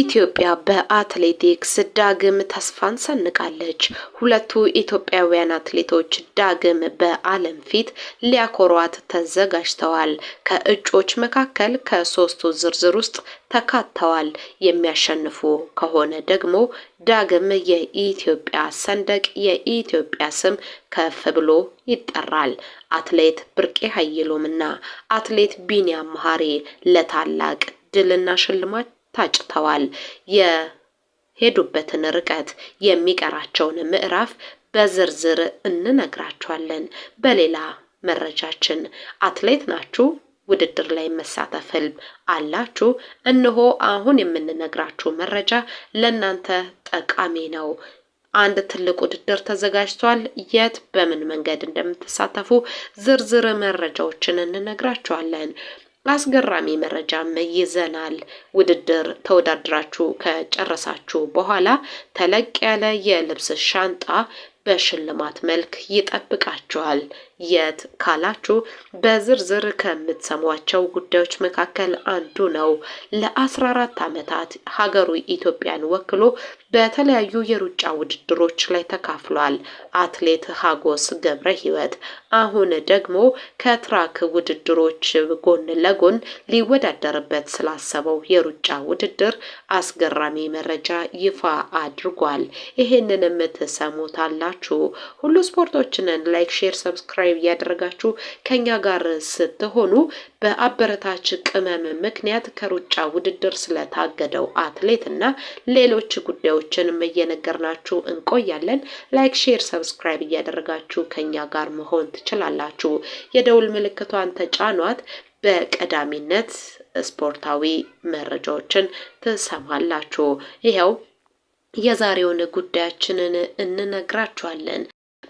ኢትዮጵያ በአትሌቲክስ ዳግም ተስፋን ሰንቃለች። ሁለቱ ኢትዮጵያውያን አትሌቶች ዳግም በዓለም ፊት ሊያኮሯት ተዘጋጅተዋል። ከእጮች መካከል ከሶስቱ ዝርዝር ውስጥ ተካተዋል። የሚያሸንፉ ከሆነ ደግሞ ዳግም የኢትዮጵያ ሰንደቅ የኢትዮጵያ ስም ከፍ ብሎ ይጠራል። አትሌት ብርቄ ሀይሎም አትሌት ቢኒያም መሀሪ ለታላቅ ድልና ሽልማት ታጭተዋል። የሄዱበትን ርቀት የሚቀራቸውን ምዕራፍ በዝርዝር እንነግራችኋለን። በሌላ መረጃችን አትሌት ናችሁ? ውድድር ላይ መሳተፍ ህልም አላችሁ? እነሆ አሁን የምንነግራችሁ መረጃ ለእናንተ ጠቃሚ ነው። አንድ ትልቅ ውድድር ተዘጋጅቷል። የት፣ በምን መንገድ እንደምትሳተፉ ዝርዝር መረጃዎችን እንነግራችኋለን። አስገራሚ መረጃም ይዘናል። ውድድር ተወዳድራችሁ ከጨረሳችሁ በኋላ ተለቅ ያለ የልብስ ሻንጣ በሽልማት መልክ ይጠብቃችኋል። የት ካላችሁ በዝርዝር ከምትሰሟቸው ጉዳዮች መካከል አንዱ ነው። ለ14 ዓመታት ሀገሩ ኢትዮጵያን ወክሎ በተለያዩ የሩጫ ውድድሮች ላይ ተካፍሏል። አትሌት ሀጎስ ገብረ ሕይወት አሁን ደግሞ ከትራክ ውድድሮች ጎን ለጎን ሊወዳደርበት ስላሰበው የሩጫ ውድድር አስገራሚ መረጃ ይፋ አድርጓል። ይህንን የምትሰሙታላችሁ ሁሉ ስፖርቶችንን ላይክ፣ ሼር፣ ሰብስክራይብ ሰብስክራይብ እያደረጋችሁ ከኛ ጋር ስትሆኑ በአበረታች ቅመም ምክንያት ከሩጫ ውድድር ስለታገደው አትሌት እና ሌሎች ጉዳዮችንም እየነገርናችሁ እንቆያለን። ላይክ፣ ሼር፣ ሰብስክራይብ እያደረጋችሁ ከኛ ጋር መሆን ትችላላችሁ። የደውል ምልክቷን ተጫኗት። በቀዳሚነት ስፖርታዊ መረጃዎችን ትሰማላችሁ። ይኸው የዛሬውን ጉዳያችንን እንነግራችኋለን።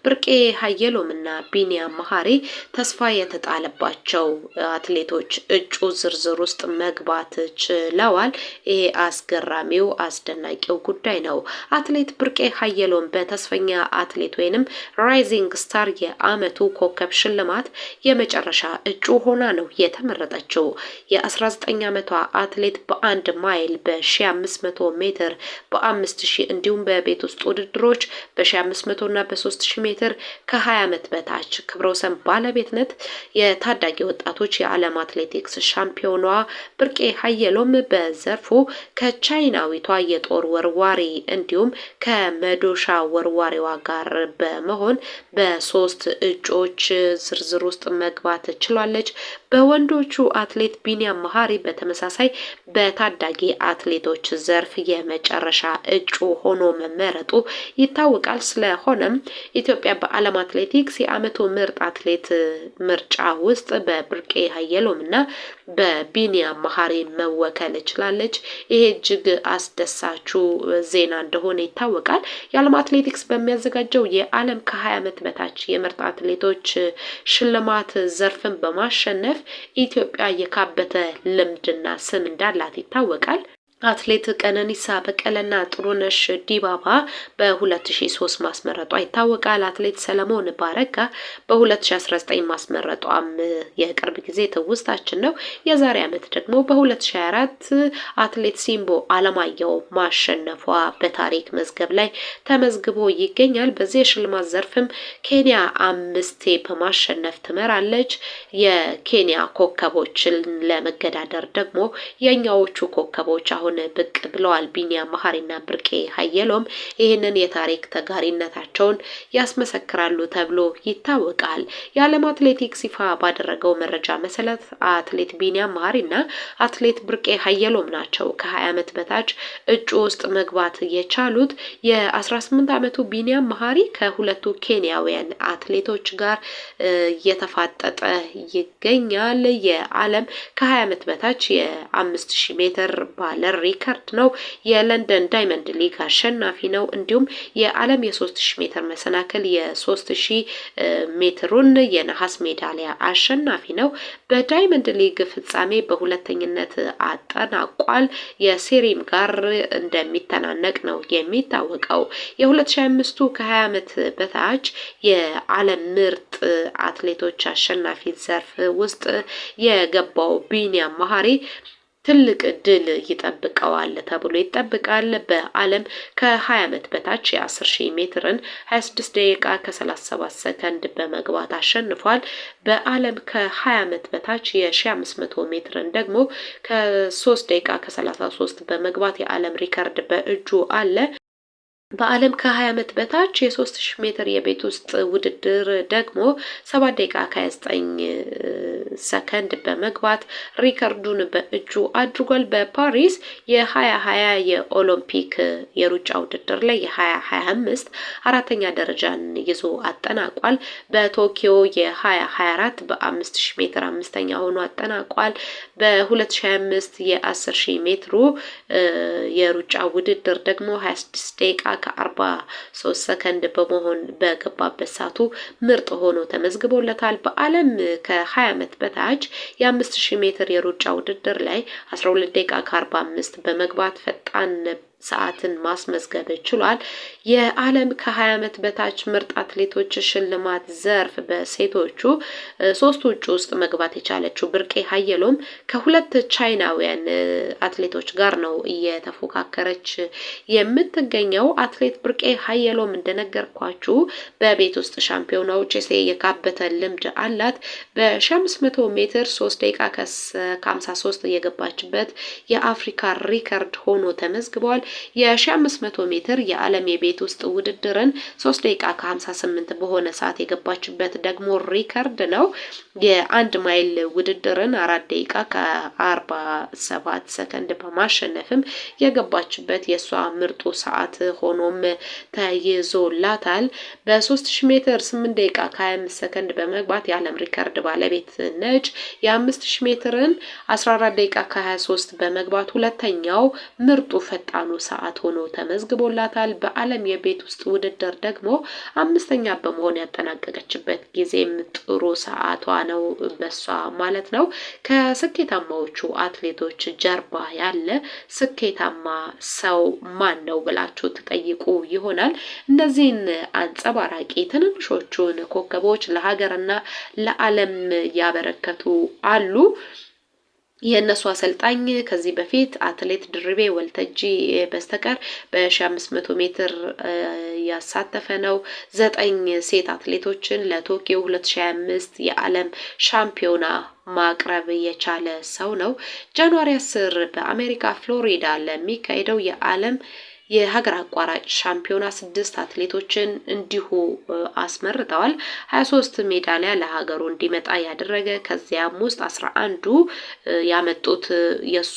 ብርቄ ሀየሎም እና ቢኒያም መሀሪ ተስፋ የተጣለባቸው አትሌቶች እጩ ዝርዝር ውስጥ መግባት ችለዋል። ይሄ አስገራሚው አስደናቂው ጉዳይ ነው። አትሌት ብርቄ ሀየሎም በተስፈኛ አትሌት ወይንም ራይዚንግ ስታር የአመቱ ኮከብ ሽልማት የመጨረሻ እጩ ሆና ነው የተመረጠችው። የ19 ዓመቷ አትሌት በአንድ ማይል በ1500 ሜትር በ5000 እንዲሁም በቤት ውስጥ ውድድሮች በ1500 እና በ3000 ሜትር ሜትር ከ20 ዓመት በታች ክብረ ወሰን ባለቤትነት የታዳጊ ወጣቶች የዓለም አትሌቲክስ ሻምፒዮኗ ብርቄ ሀየሎም በዘርፉ ከቻይናዊቷ የጦር ወርዋሪ እንዲሁም ከመዶሻ ወርዋሪዋ ጋር በመሆን በሶስት እጩዎች ዝርዝር ውስጥ መግባት ችላለች። በወንዶቹ አትሌት ቢኒያም መሀሪ በተመሳሳይ በታዳጊ አትሌቶች ዘርፍ የመጨረሻ እጩ ሆኖ መመረጡ ይታወቃል። ስለሆነም ኢትዮጵያ ኢትዮጵያ በዓለም አትሌቲክስ የዓመቱ ምርጥ አትሌት ምርጫ ውስጥ በብርቄ ሀየሎም እና በቢኒያም መሀሪ መወከል ችላለች። ይሄ እጅግ አስደሳቹ ዜና እንደሆነ ይታወቃል። የዓለም አትሌቲክስ በሚያዘጋጀው የዓለም ከ አመት ዓመት በታች የምርጥ አትሌቶች ሽልማት ዘርፍን በማሸነፍ ኢትዮጵያ የካበተ ልምድና ስም እንዳላት ይታወቃል። አትሌት ቀነኒሳ በቀለና ጥሩነሽ ዲባባ በ2003 ማስመረጧ ይታወቃል። አትሌት ሰለሞን ባረጋ በ2019 ማስመረጧም የቅርብ ጊዜ ትውስታችን ነው። የዛሬ ዓመት ደግሞ በ2024 አትሌት ሲምቦ አለማየሁ ማሸነፏ በታሪክ መዝገብ ላይ ተመዝግቦ ይገኛል። በዚህ የሽልማት ዘርፍም ኬንያ አምስቴ በማሸነፍ ትመራለች። የኬንያ ኮከቦችን ለመገዳደር ደግሞ የእኛዎቹ ኮከቦች አሁን ይዘውን ብቅ ብለዋል። ቢኒያ መሀሪና ብርቄ ሀየሎም ይህንን የታሪክ ተጋሪነታቸውን ያስመሰክራሉ ተብሎ ይታወቃል። የዓለም አትሌቲክስ ይፋ ባደረገው መረጃ መሰረት አትሌት ቢኒያ መሀሪና አትሌት ብርቄ ሀየሎም ናቸው ከ20 ዓመት በታች እጩ ውስጥ መግባት የቻሉት። የ18 ዓመቱ ቢኒያም መሀሪ ከሁለቱ ኬንያውያን አትሌቶች ጋር እየተፋጠጠ ይገኛል። የዓለም ከ20 ዓመት በታች የ5000 ሜትር ባለ የሚሰበር ሪከርድ ነው። የለንደን ዳይመንድ ሊግ አሸናፊ ነው። እንዲሁም የዓለም የ3000 ሜትር መሰናክል የ3000 ሜትሩን የነሐስ ሜዳሊያ አሸናፊ ነው። በዳይመንድ ሊግ ፍጻሜ በሁለተኝነት አጠናቋል። የሴሪም ጋር እንደሚተናነቅ ነው የሚታወቀው። 2025 ከ20 ዓመት በታች የዓለም ምርጥ አትሌቶች አሸናፊ ዘርፍ ውስጥ የገባው ቢኒያም መሀሪ ትልቅ ድል ይጠብቀዋል ተብሎ ይጠብቃል። በዓለም ከ20 ዓመት በታች የ10 ሺህ ሜትርን 26 ደቂቃ ከ37 ሰከንድ በመግባት አሸንፏል። በዓለም ከ20 ዓመት በታች የ1500 ሜትርን ደግሞ ከ3 ደቂቃ ከ33 በመግባት የዓለም ሪከርድ በእጁ አለ። በዓለም ከ20 ዓመት በታች የ3000 ሜትር የቤት ውስጥ ውድድር ደግሞ 7 ደቂቃ ከ29 ሰከንድ በመግባት ሪከርዱን በእጁ አድርጓል። በፓሪስ የ2020 የኦሎምፒክ የሩጫ ውድድር ላይ የ2025 አራተኛ ደረጃን ይዞ አጠናቋል። በቶኪዮ የ2024 በ5000 ሜትር አምስተኛ ሆኖ አጠናቋል። በ2025 የ10000 ሜትሩ የሩጫ ውድድር ደግሞ 26 ደቂቃ ከ43 ሰከንድ በመሆን በገባበት ሰዓቱ ምርጥ ሆኖ ተመዝግቦለታል። በአለም ከ20 ዓመት በታች የ5000 ሜትር የሩጫ ውድድር ላይ 12 ደቂቃ ከ45 በመግባት ፈጣን ነበር ሰዓትን ማስመዝገብ ችሏል። የዓለም ከ20 ዓመት በታች ምርጥ አትሌቶች ሽልማት ዘርፍ በሴቶቹ ሶስት ውጭ ውስጥ መግባት የቻለችው ብርቄ ሀየሎም ከሁለት ቻይናውያን አትሌቶች ጋር ነው እየተፎካከረች የምትገኘው። አትሌት ብርቄ ሀየሎም እንደነገርኳችሁ በቤት ውስጥ ሻምፒዮናዎች ቼሴ የካበተ ልምድ አላት። በ500 ሜትር 3 ደቂቃ ከ53 የገባችበት የአፍሪካ ሪከርድ ሆኖ ተመዝግቧል። የ1500 ሜትር የዓለም የቤት ውስጥ ውድድርን 3 ደቂቃ ከ58 በሆነ ሰዓት የገባችበት ደግሞ ሪከርድ ነው። የአንድ ማይል ውድድርን 4 ደቂቃ ከ47 ሰከንድ በማሸነፍም የገባችበት የእሷ ምርጡ ሰዓት ሆኖም ተይዞላታል። በ3000 ሜትር 8 ደቂቃ ከ25 ሰከንድ በመግባት የዓለም ሪከርድ ባለቤት ነች። የ5000 ሜትርን 14 ደቂቃ ከ23 በመግባት ሁለተኛው ምርጡ ፈጣኑ ሰዓት ሆኖ ተመዝግቦላታል። በዓለም የቤት ውስጥ ውድድር ደግሞ አምስተኛ በመሆን ያጠናቀቀችበት ጊዜም ጥሩ ሰዓቷ ነው በሷ ማለት ነው። ከስኬታማዎቹ አትሌቶች ጀርባ ያለ ስኬታማ ሰው ማን ነው ብላችሁ ትጠይቁ ይሆናል። እነዚህን አንጸባራቂ ትንንሾቹን ኮከቦች ለሀገርና ለዓለም ያበረከቱ አሉ። የእነሱ አሰልጣኝ ከዚህ በፊት አትሌት ድርቤ ወልተጂ በስተቀር በ1500 ሜትር ያሳተፈ ነው። ዘጠኝ ሴት አትሌቶችን ለቶኪዮ 2025 የዓለም ሻምፒዮና ማቅረብ የቻለ ሰው ነው። ጃንዋሪ 10 በአሜሪካ ፍሎሪዳ ለሚካሄደው የዓለም የሀገር አቋራጭ ሻምፒዮና ስድስት አትሌቶችን እንዲሁ አስመርተዋል። ሀያ ሶስት ሜዳሊያ ለሀገሩ እንዲመጣ ያደረገ ከዚያም ውስጥ አስራ አንዱ ያመጡት የእሱ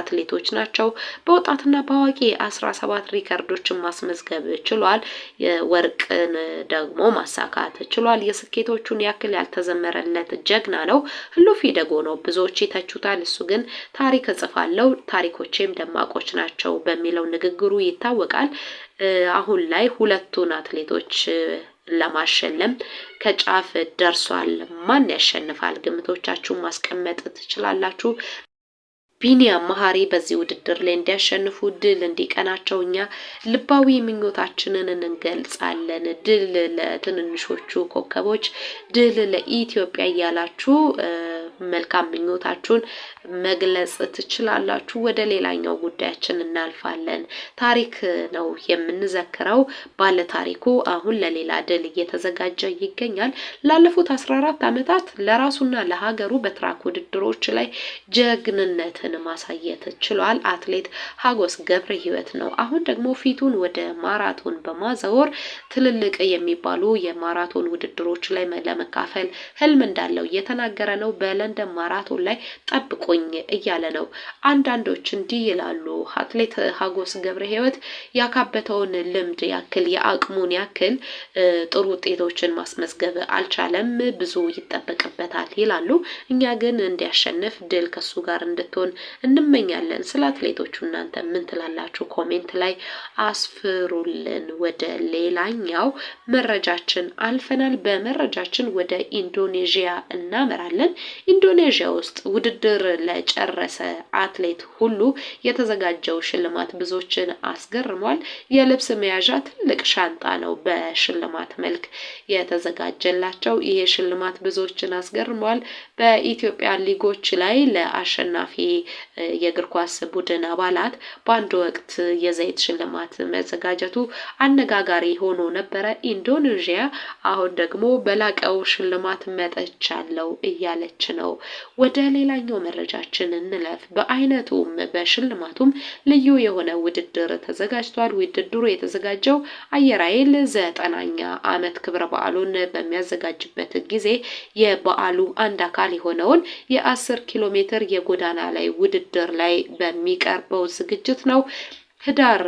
አትሌቶች ናቸው። በወጣትና በአዋቂ አስራ ሰባት ሪከርዶችን ማስመዝገብ ችሏል። የወርቅን ደግሞ ማሳካት ችሏል። የስኬቶቹን ያክል ያልተዘመረለት ጀግና ነው። ህሉፍ ደጎ ነው ብዙዎች ይተቹታል። እሱ ግን ታሪክ እጽፋለሁ ታሪኮቼም ደማቆች ናቸው በሚ በሚለው ንግግሩ ይታወቃል። አሁን ላይ ሁለቱን አትሌቶች ለማሸለም ከጫፍ ደርሷል። ማን ያሸንፋል? ግምቶቻችሁን ማስቀመጥ ትችላላችሁ። ቢኒያም መሀሪ በዚህ ውድድር ላይ እንዲያሸንፉ ድል እንዲቀናቸው እኛ ልባዊ ምኞታችንን እንገልጻለን። ድል ለትንንሾቹ ኮከቦች፣ ድል ለኢትዮጵያ እያላችሁ መልካም ምኞታችሁን መግለጽ ትችላላችሁ። ወደ ሌላኛው ጉዳያችን እናልፋለን። ታሪክ ነው የምንዘክረው። ባለ ታሪኩ አሁን ለሌላ ድል እየተዘጋጀ ይገኛል። ላለፉት አስራ አራት ዓመታት ለራሱና ለሀገሩ በትራክ ውድድሮች ላይ ጀግንነት ብቃትን ማሳየት ችሏል። አትሌት ሀጎስ ገብረ ህይወት ነው። አሁን ደግሞ ፊቱን ወደ ማራቶን በማዘወር ትልልቅ የሚባሉ የማራቶን ውድድሮች ላይ ለመካፈል ህልም እንዳለው እየተናገረ ነው። በለንደን ማራቶን ላይ ጠብቆኝ እያለ ነው። አንዳንዶች እንዲህ ይላሉ። አትሌት ሀጎስ ገብረ ህይወት ያካበተውን ልምድ ያክል የአቅሙን ያክል ጥሩ ውጤቶችን ማስመዝገብ አልቻለም፣ ብዙ ይጠበቅበታል ይላሉ። እኛ ግን እንዲያሸንፍ ድል ከሱ ጋር እንድትሆን እንመኛለን። ስለ አትሌቶቹ እናንተ ምን ትላላችሁ? ኮሜንት ላይ አስፍሩልን። ወደ ሌላኛው መረጃችን አልፈናል። በመረጃችን ወደ ኢንዶኔዥያ እናመራለን። ኢንዶኔዥያ ውስጥ ውድድር ለጨረሰ አትሌት ሁሉ የተዘጋጀው ሽልማት ብዙዎችን አስገርሟል። የልብስ መያዣ ትልቅ ሻንጣ ነው በሽልማት መልክ የተዘጋጀላቸው። ይሄ ሽልማት ብዙዎችን አስገርሟል። በኢትዮጵያ ሊጎች ላይ ለአሸናፊ የእግር ኳስ ቡድን አባላት በአንድ ወቅት የዘይት ሽልማት መዘጋጀቱ አነጋጋሪ ሆኖ ነበረ። ኢንዶኔዥያ አሁን ደግሞ በላቀው ሽልማት መጠቻለው እያለች ነው። ወደ ሌላኛው መረጃችን እንለፍ። በአይነቱም በሽልማቱም ልዩ የሆነ ውድድር ተዘጋጅቷል። ውድድሩ የተዘጋጀው አየር ኃይል ዘጠናኛ ዓመት ክብረ በዓሉን በሚያዘጋጅበት ጊዜ የበዓሉ አንድ አካል የሆነውን የአስር ኪሎ ሜትር የጎዳና ላይ ውድድር ላይ በሚቀርበው ዝግጅት ነው። ህዳር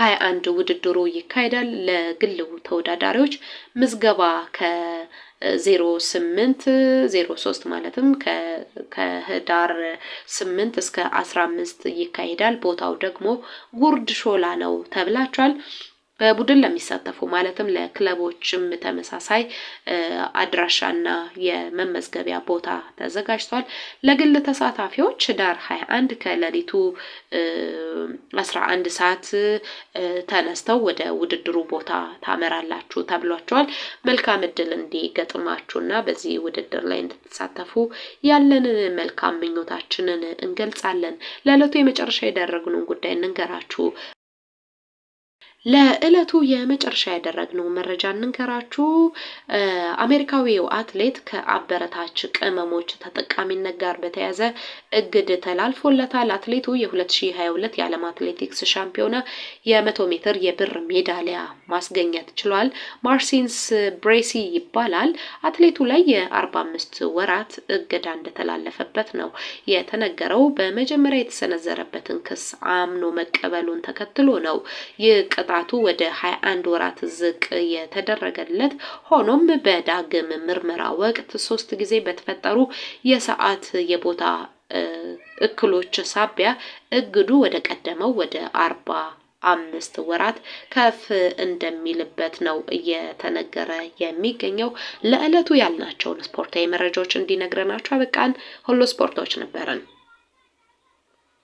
ሀያ አንድ ውድድሩ ይካሄዳል። ለግል ተወዳዳሪዎች ምዝገባ ከ ዜሮ ስምንት ዜሮ ሶስት ማለትም ከህዳር ስምንት እስከ አስራ አምስት ይካሄዳል። ቦታው ደግሞ ጉርድ ሾላ ነው ተብላችኋል። በቡድን ለሚሳተፉ ማለትም ለክለቦችም ተመሳሳይ አድራሻና የመመዝገቢያ ቦታ ተዘጋጅቷል። ለግል ተሳታፊዎች ዳር 21 ከሌሊቱ 11 ሰዓት ተነስተው ወደ ውድድሩ ቦታ ታመራላችሁ ተብሏቸዋል። መልካም እድል እንዲገጥማችሁና በዚህ ውድድር ላይ እንድትሳተፉ ያለንን መልካም ምኞታችንን እንገልጻለን። ለዕለቱ የመጨረሻ የደረግነውን ጉዳይ እንንገራችሁ። ለዕለቱ የመጨረሻ ያደረግነው መረጃ እንንገራችሁ። አሜሪካዊው አትሌት ከአበረታች ቅመሞች ተጠቃሚነት ጋር በተያያዘ እግድ ተላልፎለታል። አትሌቱ የ2022 የዓለም አትሌቲክስ ሻምፒዮና የ100 ሜትር የብር ሜዳሊያ ማስገኘት ችሏል። ማርሲንስ ብሬሲ ይባላል። አትሌቱ ላይ የ45 ወራት እገዳ እንደተላለፈበት ነው የተነገረው። በመጀመሪያ የተሰነዘረበትን ክስ አምኖ መቀበሉን ተከትሎ ነው ይህ ቅጣቱ ወደ 21 ወራት ዝቅ የተደረገለት ሆኖም በዳግም ምርመራ ወቅት ሶስት ጊዜ በተፈጠሩ የሰዓት የቦታ እክሎች ሳቢያ እግዱ ወደ ቀደመው ወደ አርባ አምስት ወራት ከፍ እንደሚልበት ነው እየተነገረ የሚገኘው። ለዕለቱ ያልናቸውን ስፖርታዊ መረጃዎች እንዲነግረናቸው አበቃን። ሁሉ ስፖርቶች ነበረን።